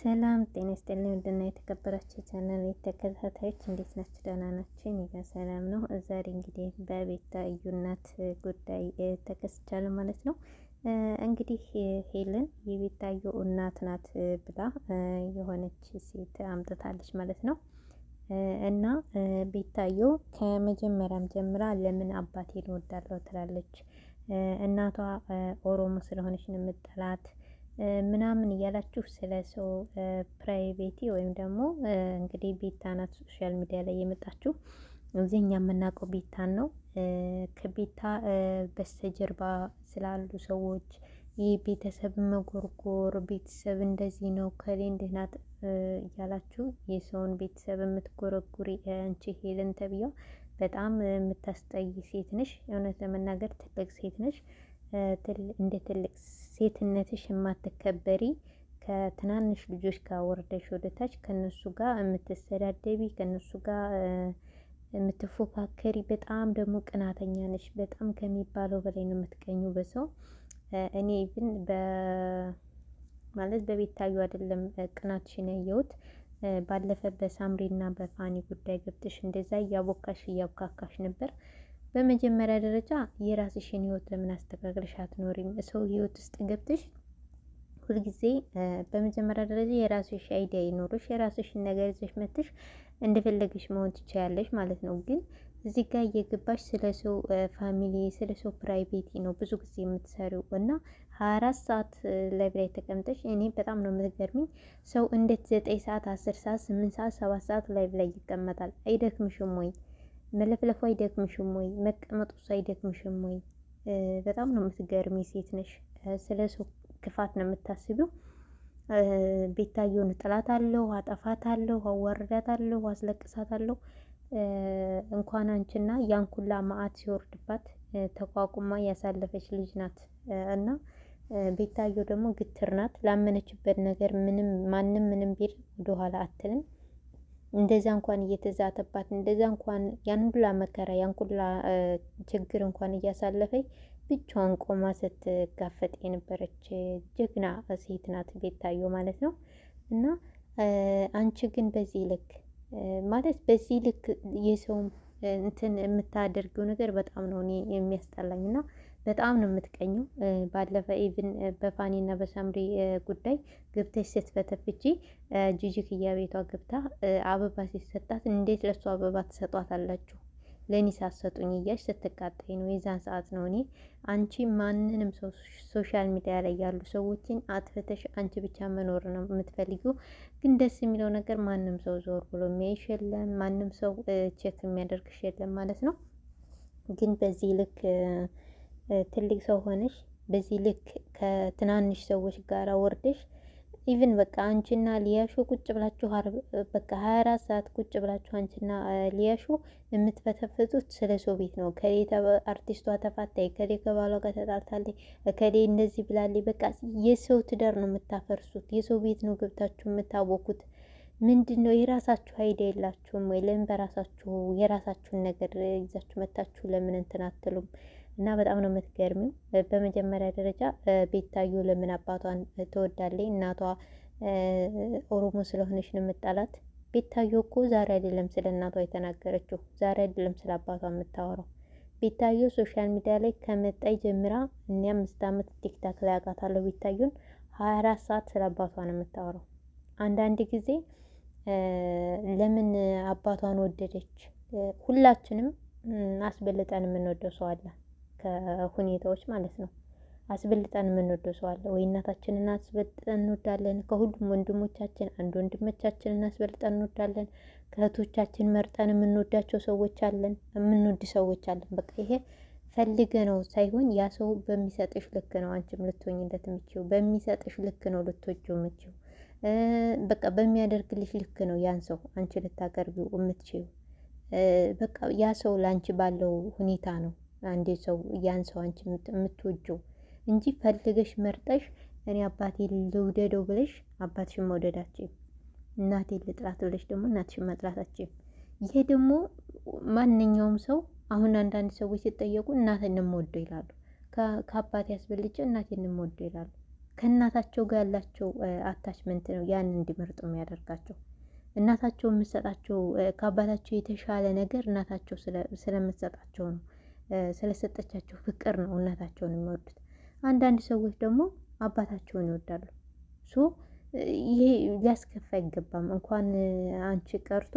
ሰላም ጤና ይስጥልኝ። ውድና የተከበራችሁ ቻናል ተከታታዮች እንዴት ናችሁ? ደህና ናችሁ? እኔ ጋር ሰላም ነው። ዛሬ እንግዲህ በቤታ እናት ጉዳይ ተከስቻለሁ ማለት ነው። እንግዲህ ሄለን የቤታ እናት ናት ብላ የሆነች ሴት አምጥታለች ማለት ነው። እና ቤታዩ ከመጀመሪያም ጀምራ ለምን አባቴን እወዳለሁ ትላለች። እናቷ ኦሮሞ ስለሆነች ነው የምጠላት ምናምን እያላችሁ ስለ ሰው ፕራይቬቲ ወይም ደግሞ እንግዲህ ቤታ ሶሻል ሚዲያ ላይ የመጣችሁ እዚህ እኛ የምናውቀው ቤታን ነው። ከቤታ በስተጀርባ ስላሉ ሰዎች ይህ ቤተሰብ መጎርጎር ቤተሰብ እንደዚህ ነው ከሌ እንዲህ እያላችሁ የሰውን ቤተሰብ የምትጎረጉሪ አንቺ ሄለን ተብዬው በጣም የምታስጠይ ሴት ነሽ። እውነት ለመናገር ትልቅ ሴት ነሽ። እንደ ትልቅ ሴትነትሽ የማትከበሪ ከትናንሽ ልጆች ጋር ወርደሽ ወደታች ከነሱ ጋር የምትሰዳደቢ ከነሱ ጋር የምትፎካከሪ በጣም ደግሞ ቅናተኛ ነሽ። በጣም ከሚባለው በላይ ነው የምትገኙ በሰው እኔ ግን ማለት በቤታዩ አይደለም ቅናትሽን ያየሁት። ባለፈ በሳምሪ እና በፋኒ ጉዳይ ገብተሽ እንደዛ እያቦካሽ እያቦካካሽ ነበር። በመጀመሪያ ደረጃ የራስሽን ህይወት ለምን አስተካክልሽ አትኖሪም? ሰው ህይወት ውስጥ ገብተሽ ሁልጊዜ በመጀመሪያ ደረጃ የራስሽ አይዲያ ይኖርሽ፣ የራስሽን ነገር ይዘሽ መጥተሽ እንደፈለግሽ መሆን ትችያለሽ ማለት ነው። ግን እዚህ ጋር እየገባሽ ስለ ሰው ፋሚሊ፣ ስለ ሰው ፕራይቬቲ ነው ብዙ ጊዜ የምትሰሪው እና ሀያ አራት ሰዓት ላይ ላይ ተቀምጠሽ እኔ በጣም ነው የምትገርሚኝ። ሰው እንዴት ዘጠኝ ሰዓት፣ አስር ሰዓት፣ ስምንት ሰዓት፣ ሰባት ሰዓት ላይ ላይ ይቀመጣል? አይደክምሽም ወይ? መለፍለፉ አይደክምሽም ወይ? መቀመጡስ አይደክምሽም ወይ? በጣም ነው የምትገርሚ ሴት ነሽ። ስለ ሰው ክፋት ነው የምታስቢው። ቤታየውን ጥላት አለሁ፣ አጠፋት አለሁ፣ አዋርዳት አለሁ፣ አስለቅሳት አለሁ። እንኳን አንቺና ያንኩላ ማአት ሲወርድባት ተቋቁማ ያሳለፈች ልጅ ናት እና ቤታየው ደግሞ ግትር ናት። ላመነችበት ነገር ምንም ማንም ምንም ቢል ወደኋላ አትልም። እንደዛ እንኳን እየተዛተባት እንደዛ እንኳን ያን ሁላ መከራ ያን ሁላ ችግር እንኳን እያሳለፈኝ ብቻዋን ቆማ ስትጋፈጥ የነበረች ጀግና ሴት ናት ቤታዮ ማለት ነው። እና አንቺ ግን በዚህ ልክ ማለት በዚህ ልክ የሰውም እንትን የምታደርገው ነገር በጣም ነው እኔ የሚያስጠላኝ እና በጣም ነው የምትቀኘው። ባለፈ ኢቭን በፋኒና በሳምሪ ጉዳይ ገብተሽ ስትፈተፍቺ ጂጂ ክያ ቤቷ ገብታ አበባ ሲሰጣት እንዴት ለሱ አበባ ትሰጧታላችሁ ለእኔ ሳሰጡኝ እያልሽ ስትቃጣይ ነው። የዛን ሰዓት ነው እኔ አንቺ ማንንም ሰው ሶሻል ሚዲያ ላይ ያሉ ሰዎችን አትፈተሽ አንቺ ብቻ መኖር ነው የምትፈልጊው። ግን ደስ የሚለው ነገር ማንም ሰው ዞር ብሎ የሚያይሽ የለም፣ ማንም ሰው ቼክ የሚያደርግሽ የለም ማለት ነው። ግን በዚህ ልክ ትልቅ ሰው ሆነሽ በዚህ ልክ ከትናንሽ ሰዎች ጋር ወርደሽ ኢቭን በቃ አንቺና ሊያሾ ቁጭ ብላችሁ በቃ ሀያ አራት ሰዓት ቁጭ ብላችሁ አንቺና ሊያሾ የምትፈተፍቱት ስለ ሰው ቤት ነው። ከሌ አርቲስቷ ተፋታይ፣ ከሌ ከባሏ ጋር ተጣልታለች፣ ከሌ እንደዚህ ብላለች። በቃ የሰው ትዳር ነው የምታፈርሱት። የሰው ቤት ነው ገብታችሁ የምታወኩት። ምንድን ነው የራሳችሁ ሀይዳ የላችሁም ወይ? ለምን በራሳችሁ የራሳችሁን ነገር ይዛችሁ መታችሁ ለምን እንትን አትሉም? እና በጣም ነው የምትገርሚው። በመጀመሪያ ደረጃ ቤታዩ ለምን አባቷን ትወዳለች? እናቷ ኦሮሞ ስለሆነች ነው የምጣላት? ቤታዩ እኮ ዛሬ አይደለም ስለ እናቷ የተናገረችው፣ ዛሬ አይደለም ስለ አባቷ የምታወራው። ቤታዩ ሶሻል ሚዲያ ላይ ከመጣይ ጀምራ እኔ አምስት ዓመት ቲክታክ ላይ አውቃታለሁ። ቤታዩን ሀያ አራት ሰዓት ስለ አባቷ ነው የምታወራው። አንዳንድ ጊዜ ለምን አባቷን ወደደች? ሁላችንም አስበልጠን የምንወደው ሰው አለን። ከሁኔታዎች ማለት ነው። አስበልጠን የምንወደው ሰው አለ ወይ? እናታችንን አስበልጠን እንወዳለን። ከሁሉም ወንድሞቻችን አንድ ወንድሞቻችንን አስበልጠን እንወዳለን። ከእህቶቻችን መርጠን የምንወዳቸው ሰዎች አለን፣ የምንወድ ሰዎች አለን። በቃ ይሄ ፈልገ ነው ሳይሆን ያ ሰው በሚሰጥሽ ልክ ነው አንቺም ልትሆኝለት የምችው፣ በሚሰጥሽ ልክ ነው ልትወጂው የምችው፣ በቃ በሚያደርግልሽ ልክ ነው ያን ሰው አንቺ ልታቀርቢው የምትችው። በቃ ያ ሰው ለአንቺ ባለው ሁኔታ ነው አንዴ ሰው ያን ሰው አንቺ የምትወጂው እንጂ ፈልገሽ መርጠሽ እኔ አባቴ ልውደደው ብለሽ አባትሽን መውደዳችም እናቴ ልጥራት ብለሽ ደግሞ እናትሽን መጥላታችም ይሄ ደግሞ ማንኛውም ሰው አሁን አንዳንድ ሰዎች ሲጠየቁ እናቴን እንወደው ይላሉ። ከአባቴ ያስበልጨ እናቴን እንወደው ይላሉ። ከእናታቸው ጋር ያላቸው አታችመንት ነው ያን እንዲመርጡ የሚያደርጋቸው። እናታቸው የምትሰጣቸው ከአባታቸው የተሻለ ነገር እናታቸው ስለምትሰጣቸው ነው። ስለሰጠቻቸው ፍቅር ነው እናታቸውን የሚወዱት። አንዳንድ ሰዎች ደግሞ አባታቸውን ይወዳሉ። ሶ ይሄ ሊያስከፋ አይገባም። እንኳን አንቺ ቀርቶ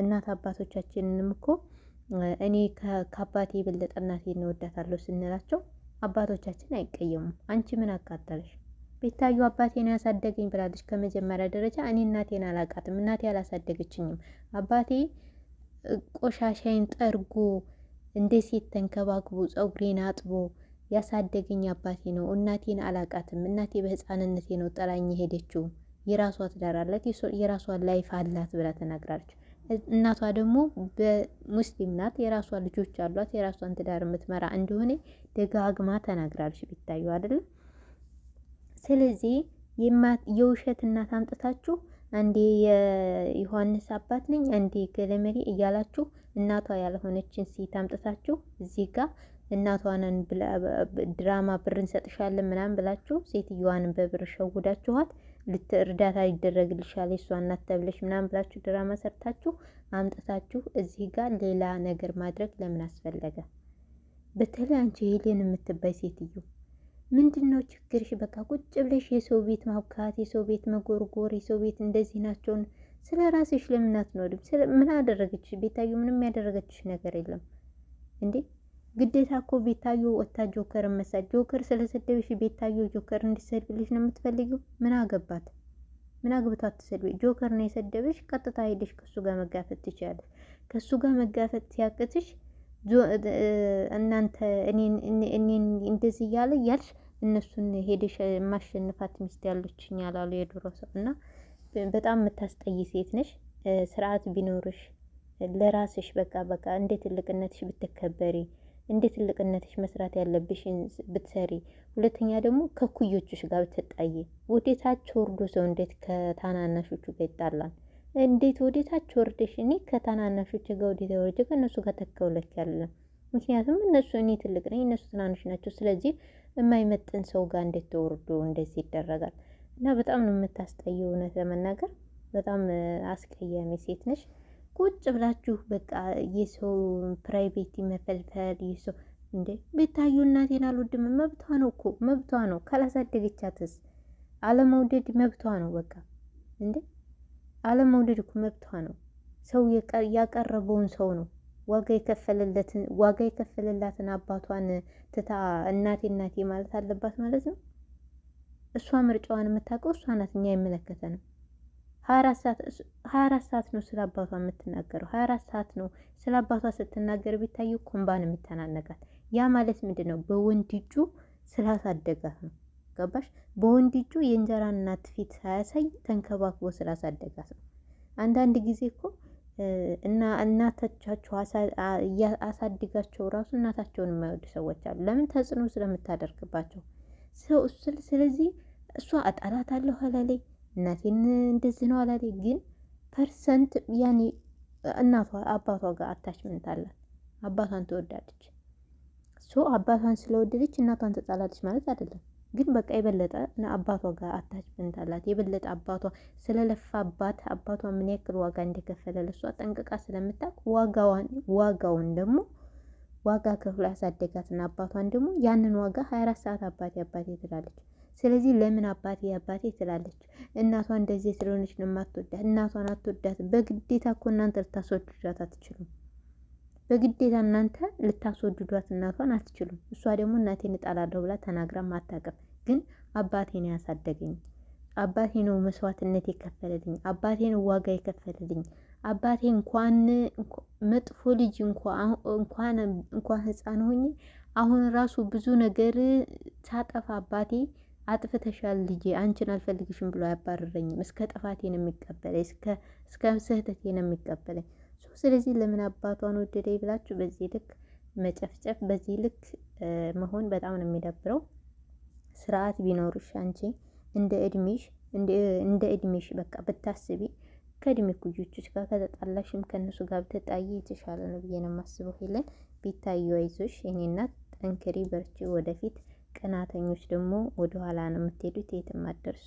እናት አባቶቻችንንም እኮ እኔ ከአባቴ የበለጠ እናቴ እንወዳታለሁ ስንላቸው አባቶቻችን አይቀየሙም። አንቺ ምን አቃጠለሽ? ቤታዩ አባቴን ያሳደገኝ ብላለች። ከመጀመሪያ ደረጃ እኔ እናቴን አላቃትም። እናቴ አላሳደገችኝም። አባቴ ቆሻሻይን ጠርጎ እንደ ሴት ተንከባክቦ ፀጉሬን አጥቦ ያሳደገኝ አባቴ ነው። እናቴን አላቃትም። እናቴ በህፃንነቴ ነው ጠላኝ ሄደችው። የራሷ ትዳር አላት፣ የራሷ ላይፍ አላት ብላ ተናግራለች። እናቷ ደግሞ በሙስሊም ናት፣ የራሷ ልጆች አሏት፣ የራሷን ትዳር የምትመራ እንደሆነ ደጋግማ ተናግራለች። ቢታዩ አይደለም። ስለዚህ የውሸት እናት አምጥታችሁ አንዴ የዮሐንስ አባት ነኝ አንዴ ገለመሌ እያላችሁ እናቷ ያልሆነችን ሴት አምጥታችሁ እዚህ ጋር እናቷንን ድራማ ብር እንሰጥሻለን ምናምን ብላችሁ ሴትዮዋንን በብር ሸውዳችኋት እርዳታ ይደረግልሻል የሷ እናት ተብለሽ ምናምን ብላችሁ ድራማ ሰርታችሁ አምጥታችሁ እዚህ ጋር ሌላ ነገር ማድረግ ለምን አስፈለገ? በተለይ አንቺ ሄሌን የምትባይ ሴትዮ ምንድን ነው ችግርሽ? በቃ ቁጭ ብለሽ የሰው ቤት ማብካት፣ የሰው ቤት መጎርጎር፣ የሰው ቤት እንደዚህ ናቸውን ስለ ራስሽ ለምን አትኖሪም? ምን አደረገች ቤታዩ? ምንም ያደረገችሽ ነገር የለም እንዴ ግዴታ እኮ ቤታዩ ወታ ጆከር መሳት ጆከር ስለሰደበሽ ቤታዩ ጆከር እንዲሰድብልሽ ነው የምትፈልጊው? ምን አገባት? ምን አግብቷ አትሰድቢ። ጆከር ነው የሰደበሽ። ቀጥታ ሄደሽ ከሱ ጋር መጋፈጥ ትችያለሽ። ከሱ ጋር መጋፈጥ ሲያቅትሽ እናንተ እኔን እንደዚህ እያለ እያልሽ እነሱን ሄደሽ ማሸንፋት ሚስት ያለችኝ ያላሉ የድሮ ሰው እና በጣም የምታስጠይ ሴት ነሽ። ስርዓት ቢኖርሽ ለራስሽ በቃ በቃ እንደ ትልቅነትሽ ብትከበሪ፣ እንደ ትልቅነትሽ መስራት ያለብሽን ብትሰሪ፣ ሁለተኛ ደግሞ ከኩዮችሽ ጋር ብትጣይ። ወደታች ወርዶ ሰው እንዴት ከታናናሾቹ ጋር ይጣላል? እንዴት ወደታች ወርደሽ እኔ ከታናናሾች ጋር ወደ ከእነሱ ጋር ተከውለች ያለም ምክንያቱም እነሱ እኔ ትልቅ ነኝ፣ እነሱ ትናንሽ ናቸው። ስለዚህ የማይመጥን ሰው ጋር እንዴት ተወርዶ እንደዚህ ይደረጋል? እና በጣም ነው የምታስጠየው እውነት ለመናገር በጣም አስቀያሚ ሴት ነሽ። ቁጭ ብላችሁ በቃ የሰው ፕራይቬት መፈልፈል የሰው እንዴ ቤታዩ እናቴን አልወድም። መብቷ ነው እኮ መብቷ ነው። ካላሳደገቻትስ አለመውደድ መብቷ ነው። በቃ እንዴ አለመውደድ እኮ መብቷ ነው። ሰው ያቀረበውን ሰው ነው ዋጋ የከፈለለትን ዋጋ የከፈለላትን አባቷን ትታ እናቴ እናቴ ማለት አለባት ማለት ነው። እሷ ምርጫዋን የምታውቀው እሷ ናት፣ እኛ አይመለከተንም። ሀያ አራት ሰዓት ነው ስለ አባቷ የምትናገረው። ሀያ አራት ሰዓት ነው ስለ አባቷ ስትናገር ቢታየው ኮምባን የሚተናነቃት ያ ማለት ምንድን ነው? በወንድ እጁ ስላሳደጋት ነው። ገባሽ? በወንድ እጁ የእንጀራ እናት ፊት ሳያሳይ ተንከባክቦ ስላሳደጋት ነው። አንዳንድ ጊዜ እኮ እና እናታቻቸው አሳድጋቸው ራሱ እናታቸውን የማይወዱ ሰዎች አሉ። ለምን? ተጽዕኖ ስለምታደርግባቸው። ስለዚህ እሷ አጣላታለሁ አላለኝ፣ እናቴን እንደዚህ ነው አላለኝ። ግን ፐርሰንት ያኔ እናቷ አባቷ ጋር አታችመንት አላት። አባቷን ትወዳለች። ሶ አባቷን ስለወደደች እናቷን ተጣላለች ማለት አይደለም። ግን በቃ የበለጠ አባቷ ጋር አታችመንት አላት። የበለጠ አባቷ ስለለፋባት አባቷ ምን ያክል ዋጋ እንደከፈለ ለሷ ጠንቅቃ ስለምታውቅ ዋጋውን ደግሞ ዋጋ ከፍሎ ያሳደጋትና አባቷን ደግሞ ያንን ዋጋ ሀያ 24 ሰዓት አባቴ አባቴ ትላለች። ስለዚህ ለምን አባቴ አባቴ ትላለች። እናቷ እንደዚህ ስለሆነች ነው የማትወዳት። እናቷን አትወዳት። በግዴታ እኮ እናንተ ልታስወድዷት አትችሉም። በግዴታ እናንተ ልታስወድዷት እናቷን አትችሉም። እሷ ደግሞ እናቴን እጣላለሁ ብላ ተናግራ ማታቀም ግን አባቴ ነው ያሳደገኝ፣ አባቴ ነው መስዋዕትነት የከፈለልኝ፣ አባቴ ነው ዋጋ የከፈለልኝ፣ አባቴ እንኳን መጥፎ ልጅ እንኳን ህፃን ሆኜ አሁን ራሱ ብዙ ነገር ሳጠፋ አባቴ አጥፍተሻል ልጄ አንቺን አልፈልግሽም ብሎ አያባረረኝም። እስከ ጥፋቴ ነው የሚቀበለኝ፣ እስከ ስህተቴ ነው የሚቀበለኝ። ስለዚህ ለምን አባቷን ወደደኝ ብላችሁ በዚህ ልክ መጨፍጨፍ፣ በዚህ ልክ መሆን በጣም ነው የሚደብረው። ስርዓት ቢኖርሽ አንቺ እንደ እድሜሽ እንደ እድሜሽ በቃ ብታስቢ ከእድሜ ኩዮችሽ ጋር ከተጣላሽም ከእነሱ ጋር ብትጣይ የተሻለ ነው ብዬ ነው የማስበው። ሄለን ቢታዩ አይዞሽ የኔ እናት፣ ጠንክሪ፣ በርቺ ወደፊት ቀናተኞች ደግሞ ወደኋላ ነው የምትሄዱት፣ የትም አትደርሱ።